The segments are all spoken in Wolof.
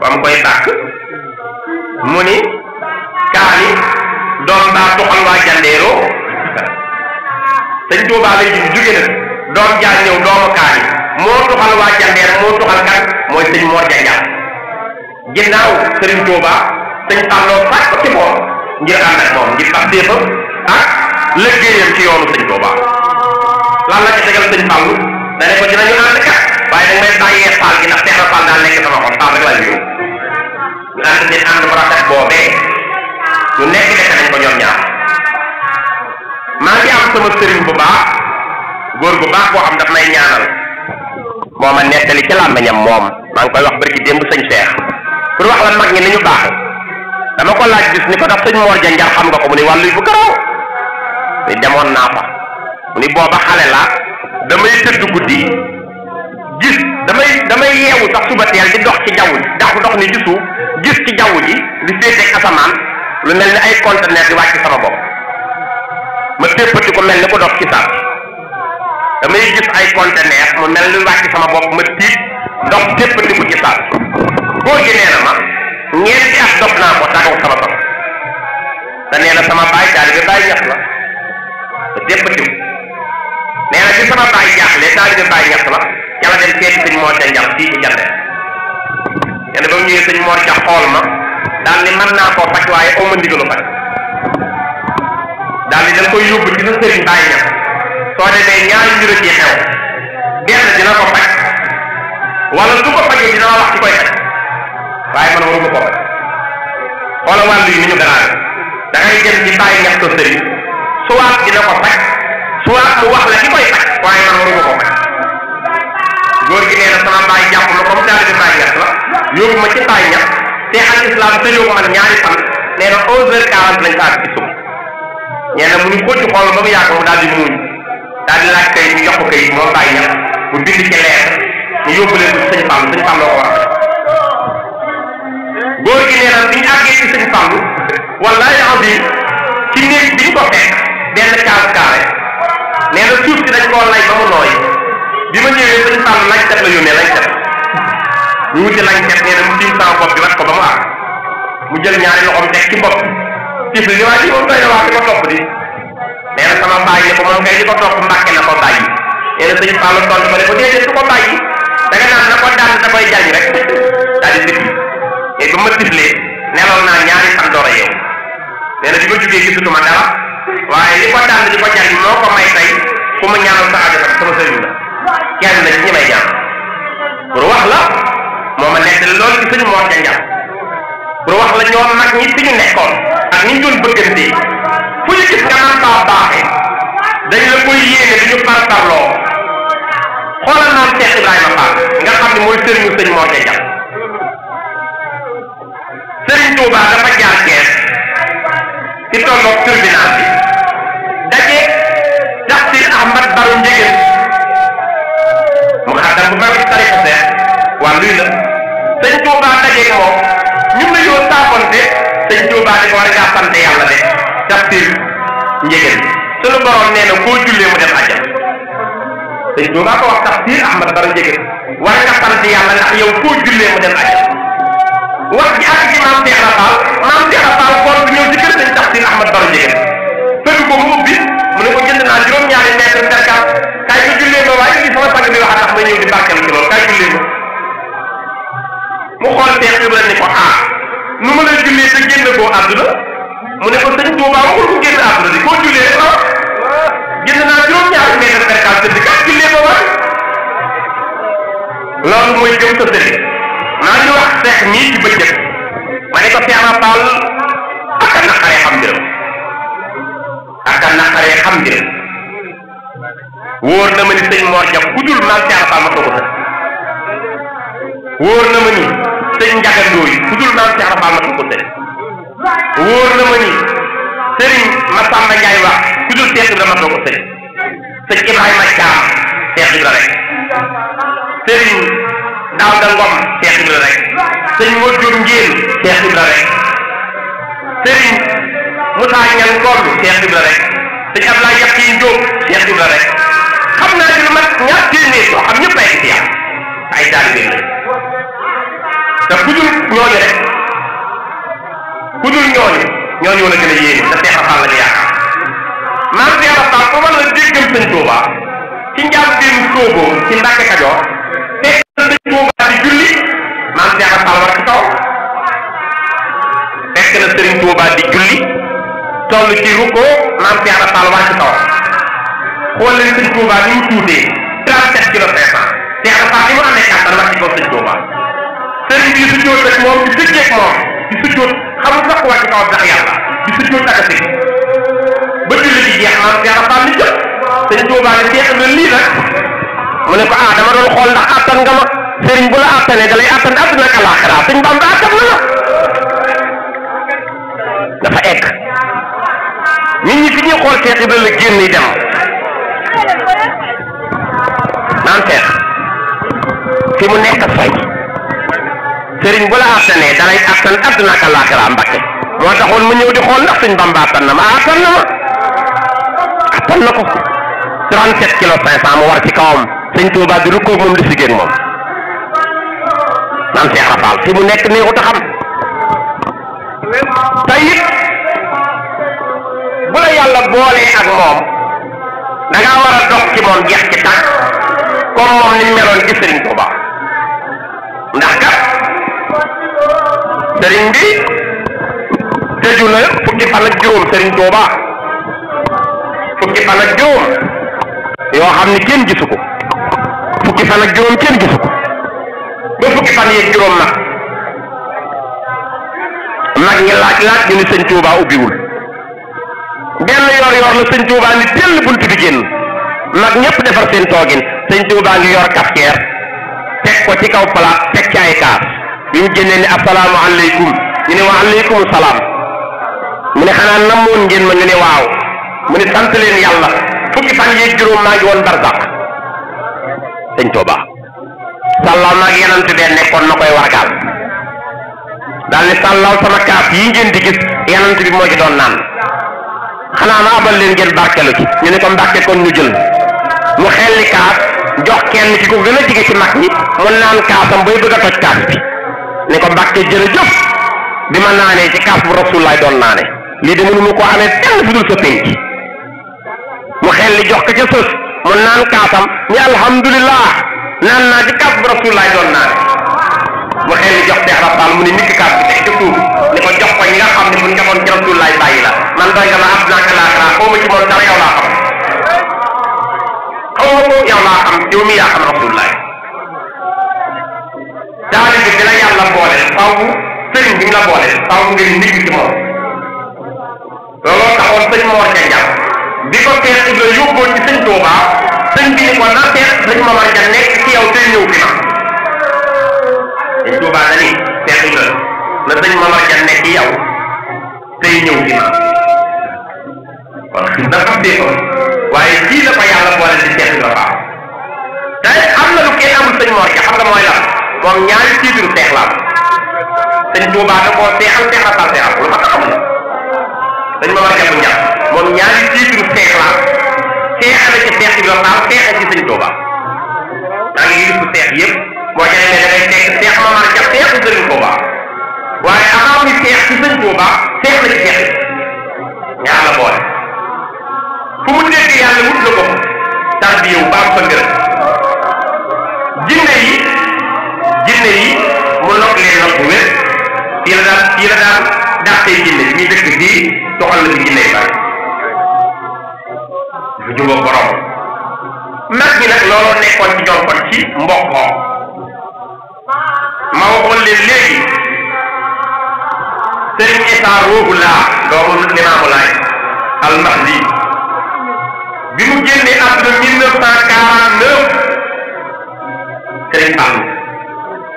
ba mu koy tàkk mu ni kaani doom baa toxal waa jandeeroo sëñ Tuubaa lay jug jóge na doom jaa ñëw doomu kaani moo toxal waa jandeer moo toxal kan mooy sëñ Mor Janjaar ginnaaw sëriñ Tuubaa sëñ Fallou sàkk ci moom ngir ànd moom ngir tax séefam ak liggéeyam ci yoonu sëñ Tuubaa lan ci tegal sëñ Fallou dane ko dinañu ànd kat waaye da ngay bàyyee Fall gi ndax Seex Fall daal nekk sama xol Fall rek laa yóbbu lan nit ànd bu rafet boobee ñu nekk nekk nañ ko ñoom ñaar maa ngi am sama sëriñ bu baax góor bu baax boo xam daf may ñaanal moo ma ci làmmiñam moom maa ngi koy wax barki démb sëñ Cheikh pour wax la mag ñi ñu baax dama ko laaj gis ni ko Mor Ja xam nga ko mu ni bu ni fa mu ni la damay guddi gis damay damay sax suba di dox ci jaww ji dox ni gis ci jaww ji li féeteeg asamaan lu mel ni ay conteneur di wàcc sama bopp ma téppati mel ni ko dox ci saab damay gis ay conteneur mu mel ni wàcc sama bopp ma tiit ndox téppati ko ci saab koo gi nee na ma ñeenti at dox naa ko taxaw sama bopp te nee na sama baay daal bi baay ñax la ma nee na ci sama baay jaaxle daal bi baay ñax la yàlla dem seeti sëñ moo te njax fii jandee nee bam ba señ ñëwee sëñ Mor ca xool ma dal ni man na ko fac waaye o ma ndigalu faj dal ni dañ koy yóbbu ci na señ bàyyi ñam so soo demee ñaari mbir ci xew ben dina ko fac wala du ko fac dina wax ci koy fac waaye man waru ko fac xoolal wàllu yi ni ñu dara da ngay jëm ci bàyyi ñam to señ suwaat dina ko fac suwaat mu wax la ci koy fac waaye man waru ko fac góor gi nee na sama mbaay jàpp ma comme daal di mbaay yàq la yóbbu ma ci mbaay ñax te al islam tëjoo ko man ñaari fan nee na onze heures quarante lañ saa ci sum nee na mu ñu ko ci xool ba mu yàgg mu daal di muuñ daal di laaj kay ñu jox ko kay moo mbaay ñax bu bind ci leer ñu yóbbu leen ko sëñ Fàmb sëñ Fàmb la ko wax góor gi nee na bi ñu àggee ci sëñ Fàmb wallaay bi ci néeg ko fekk benn kaas carré nee na suuf si dañ koo lay ba nooy bi ma ñëwee sëñ Fall lañcat la yónnee lañcat ñu wuti lañcat nee na mu sama bopp bi wat ko ba mu mu jël ñaari loxom teg ci bopp tif li waa ji ko di na sama bàyyi ko di ko topp na ko bàyyi nee na sëñ Fall tontu ma ko déedéet ko bàyyi da nga na ko daan da koy jaaj rek daal di tif et ba ma tiflee nelaw naa ñaari fan door a yeewu nee na bi ma jugee gisatuma dara may ñaanal sa sama sëriñ kenn ci ñi may jàmm pour wax la moo a nekk loolu ci suñu moor ja njàpp wax la ñoom nag ñi fi ñu nekkoon ak ñi doon bëggante fu ñu gis nga man baa baaxee dañ la koy yéene du ñu par parloo xoolal maam Cheikh Ibrahima Fall nga xam ne mooy sëriñu sëñ moor ja njàpp sëriñ Touba dafa jaar kees ci tolloog tribunal bi dajeeg moom ñun la yoon saafonte sëñ Tuubaa di ko war a jàppante yàlla de tafsir njëgën sunu borom nee na koo jullee mu dem àjjana sëñ Tuubaa ko wax tafsir Ahmad Bara Njëgën war nga sant yàlla ndax yow koo jullee mu dem àjjana wax ji ak ci maam Cheikh Rafaal maam Cheikh Rafaal kon ñëw ci kër sëñ tafsir Ahmad Bara Njëgën fekk ko mu ubbi mu ne ko jënd naa juróom-ñaari mètre percale kaay ko jullee ba waaye li sama sang bi wax ku xool teex bi mu ne ko ah nu ma la jullee sa génn boo àdduna mu ne ko sëñ Tuubaa waxul ko génn àdduna di koo jullee rek ah génn naa juróom ñaari mètre cinquante di kat jullee ba waay loolu mooy gëm sa sëriñ naa ñu wax seex mii ci bëccëg ma ne ko Seex Faal ak a naqaree xam mbiram ak a naqaree xam mbiram wóor na ma ni sëñ Mor Jam ku dul maam Seex ma ko ko wóor na ma ni sëñ njagandoo yi ku dul maam Cheikh Rafal ma ko sëriñ wóor na ma ni sëriñ Massamba Ndiaye wax ku dul Cheikh Ibrahima ma ko sëriñ sëñ Ibrahima Thiam Cheikh Ibrahima rek sëriñ Daouda Ngom Cheikh Ibrahima rek sëñ Modou Ndiène Cheikh Ibrahima rek sëriñ Moussa Niang Ngom Cheikh Ibrahima rek sëñ Abdoulaye Yakhine Diop Cheikh Ibrahima rek xam naa ci lu mat ñaar téeméer yoo xam ñëpp ay ay taalibe te ku dul ñooñu rek ku dul ñooñu ñooñu wala gën a yéene te Seex Faal lañu yaakaar maam Seex Faal ku mën a déggam sëñ Tuuba ci njaam biiru sóoboo ci Mbàkke Kajoor fekk na sëñ Tuuba di julli maam Seex Faal war ci kaw fekk na sëriñ Tuuba di julli toll ci ruko maam Seex Faal war ci kaw xool leen sëñ Tuuba ni mu tuutee 37 kilos 500 Seex Faal li mu amee kàttan war ci kaw sëñ Tuuba sëriñ bi di sujjóot rek di sëcceeg moom di sujjóot xamul sax wàcc kaw a sëg ba julli gi jeex ah, maam dafa egg nit ñi fi ñuy xool seex yi la génn dem naan seex fi mu nekk fay sëriñ bu la attanee dalay attan adduna ak àllaaxira mbàkke moo taxoon mu ñëw di xool ndax suñ bamba ah, attan na ma attan na ko 37 kilo 500 mu war ci kawam sëñ Tuubaa di rukkoo moom di sigéeg moom maam Cheikh Rafal fi mu nekk neexu ta xam te bu la yàlla boolee ak moom da ngaa war a dox ci moom jeex ci tànk comme moom ni meloon ci sëriñ ndax kat sëriñ bi tëju na fukki fan ak juróom sëriñ Touba fukki fan ak juróom yoo xam ni kenn gisu ko fukki fan ak juróom kenn gisu ko ba fukki fan yeeg juróom nag nag ñi laaj laaj ñu ni sëñ Touba ubbiwul benn yor yor la sëñ Touba ni tell bunt bi génn nag ñëpp defar seen toogin sëñ Touba ngi yor kafkeer teg ko ci kaw palaat teg ci ay kaas bi ni génnee ne asalaamu aleykum ñu ne wa aleykum salaam mu ne xanaa namoon ngeen ma ñu ne waaw mu ne sant leen yàlla fukki fan yii juróom maa ngi woon barzak sëñ Touba sàllaaw naag yenant bee nekkoon na koy wargaal daal ne sàllaaw sama kaas yi ngeen di gis yenant bi moo ci doon naan xanaa ma abal leen ngeen barkelu ci ñu ne ko mbàkke kon ñu jël mu xelli kaas jox kenn ci ko gën a jige ci mag ñi mu naan kaasam bay bëgg a toj kaas bi ne ko mbacke jërëjëf bi ma naanee ci kaf bu rasulaay don naane li de munu ko amé tan budul dul sa pénc mu xel li jox ko ci sës mu naan kaasam ni alhamdullilah naan na ci kaf bu rasulaay don naane mu xel li jox dex rabbaal mu ne nit kaf ci ci teg ca ne ko jox ko nga xamni mu ngamon ci rasulaay bàyyi la man doy nga ma ab naa ko laaxaraa ma ci moom dara yow la xam xaw ma ko yow la xam yow mi ya xam sëriñ bi ñu la boole faaw nga ndigg ci moom looloo taxoon sëñ bi ko Cheikh Ibra yóbboon ci sëñ Touba sëñ bi ni ko na seet sëñ Mor Dia nekk ci yow tey ñëw fi ma na ni Cheikh Ibra la sëñ Mor Dia nekk ci yow tey ñëw fi ma kon dafa dee waaye kii la ko yàlla boole ci Cheikh Ibra Fall te am na lu kenn amul sëñ Mor Dia xam nga mooy lan moom ñaari titre seex la sëñ Touba da koo seexal seexal par seexal lu ma ko xamul dañ ma war a jàpp njàpp moom ñaari titre seex la seexal ci seex bi doon taal seexal ci sëñ Touba maa ngi gis seex yëpp boo jaay ne da ngay fekk seex ma mën a jàpp seexu sëñ Touba fii la daan fii la daan dàqee jinne ñuy dëkk fii toxal la fi jinne bari dafa jubóo borom mag ñi nag looloo nekkoon ci ñoom kon ci mbokkoo ma waxoon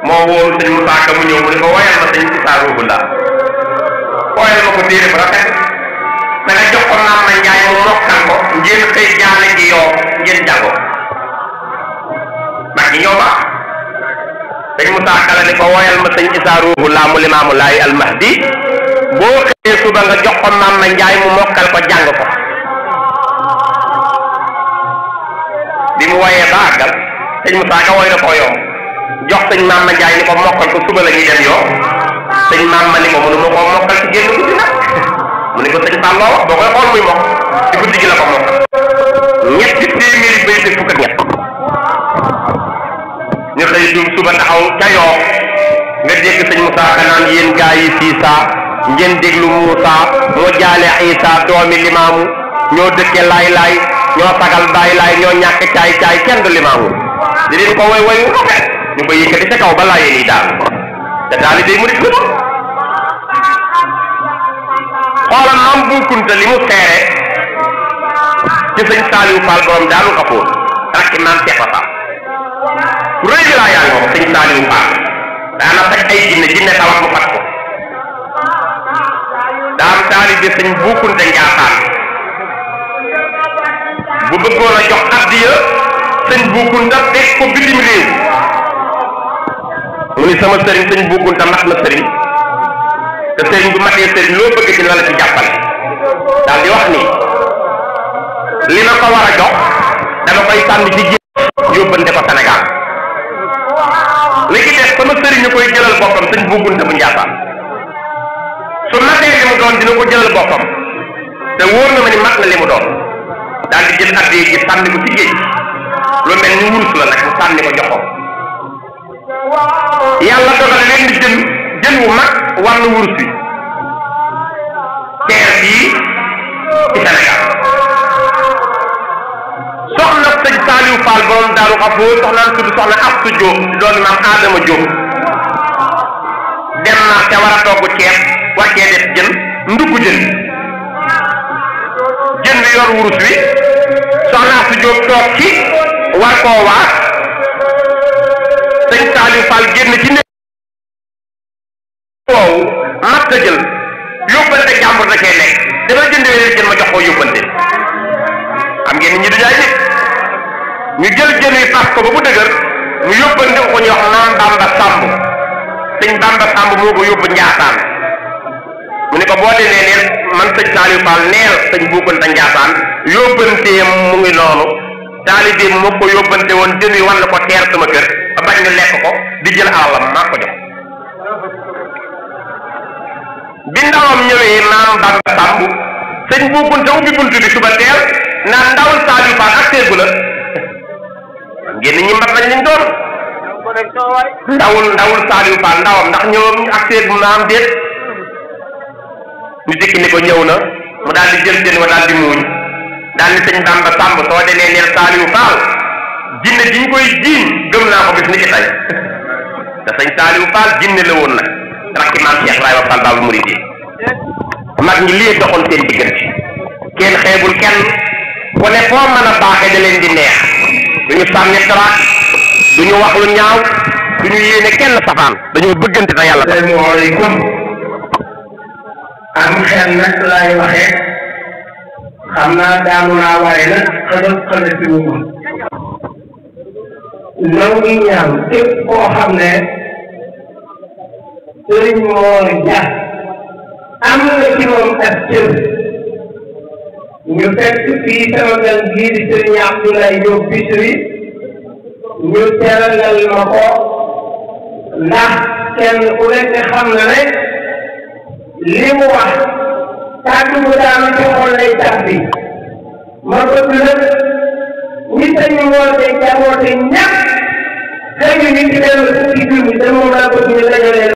mo wóolu sëñ Moussa Ka mu ñëw mu ne ko woyal ma sëñ Moussa Ruubu Ndar woyal ma ko téere ba rafet da nga jox ko naam na njaay mu mokkal ko ngeen xëy jaale gi yo ngeen jago mag ñi ñoo baax sëñ Moussa Ka la ne ko wayal ma sëñ Issa Ruubu laa mu al mahdi bo boo su ba nga jox ko na ma ñay mu mokkal ko jang ko bi mu waye ba señ mu Moussa Ka woy na ko yomb jox señ mam ma jaay ni ko mokal ko suba la dem yo señ mam ma ni ko mënu ko mokal ci génn ci nag mu ni ko señ Fall loo wax boo koy xool muy mok ci guddi gi la ko mokkal ñetti téeméeri bay te fukk ak ñu xey du suba taxaw ca yo nga dégg sëñ Moussa kanaan yeen gaay yi fii sa ngeen déglu musa mo jaale Isa doomi limamu ñoo dëkke lay lay ñoo sagal bay lay ñoo ñak caay caay kenn du limamu di ko woy woyu rafet ñu koy yëkkati ca kaw ba laayee yi daal te taalibe yi mu di tudd xoolal maam bu kunta li mu xeere ci sëñ Saaliw Fall borom daalu xapoon rakki maam Seex Fall ku rëy bi laa yaa ngi sëñ Saaliw Fall daana faj ay jinne jinne tawax mu fat ko daam taalibe sëñ bu kunta njaasaan bu bëggoon a jox addiya sëñ bu kunta teg ko bitim réew ni sama sëriñ sëñ bukkunta mat na sëriñ te sëriñ bu matee sëriñ loo bëgg ci la la ci daal di wax ni li ma ko war a jox dama koy sànni ci jé yóbbante ko Sénégal li def sama sëriñ koy jëlal boppam sëñ bukkunta bu njàppal su matee li mu doon dina ko jëlal boppam te wóor na ma ni na li mu doon daal di jël addi ji sànni ko ci géej lu mel ni wurus la nag mu yàlla dogal leen di jën jën wu mag wàllu wurus wi teer bii ci Sénégal soxna sëñ Saliou Fall borom Adama Jóob dem na te war a togg ceeb war cee jën ndugg jën jën bi yor wurus wi soxna Astu Jóob toog ci war koo waas sëriñ Saliou Fall génn ci ndé woowu mat ka jël yóbbante jàmbur da cee nekk dama jëndee leen jën ma jox ko yóbbante xam ngeen nit ñi du jaay nit ñu jël jën yi pas ko ba mu dëgër ñu yóbbante ko ñu wax naan Bamba Samb sëñ Bamba Samb moo ko yóbbu Njaasaan mu ne ko boo dee nee man sëñ neel mu ngi ko wan ko teer sama kër bañ ñu lekk ko di jël alalam maa ko def bi ndawam ñëwee maam bàgg bàmb sëñ bu bunta ubbi bunt bi suba teel naan ndawal Saliou Fall ak teegu la ngeen ñi mbat lañ liñ doon ndawul ndawul Saliou Fall ndawam ndax ñëwam ak teegu maam déet ñu dikki ni ko ñëw na mu daal di jël jën wa daal di muuñ daal ni sëñ bàmba sàmb soo demee neel Saliou Fall jinne ji ñu koy jiin gëm naa ko bis ni ki tey da sañ taaliw faal jinne la woon nag rakki maam Cheikh Ibrahima Fall Babul mouride mag ñi lii doxoon seen diggante kenn xeebul kenn ku ne foo mën a baaxe da leen di neex duñu sànni tara duñu wax lu ñaaw duñu yéene kenn safaan dañoo bëggante te yàlla salaamaaleykum am xel nag laay waxee xam naa daanu naa waaye nag xëdëb xëdëb bi mu noo ngi ñaan képp xam ne sëriñ Mor Dia am na ci moom ak cër ñu fekk fii sama gan gii di sëriñ Abdoulaye Diop Bichri ñu teralal ma ko ndax kenn ku xam na ne li mu wax kàddu bu daanu ci xol lay tàbbi ma bëgg nag nit a ñu woote jàngoote ñàkk xëy na nit ki benn fukki junni te moom laa bëgg ñu dajalee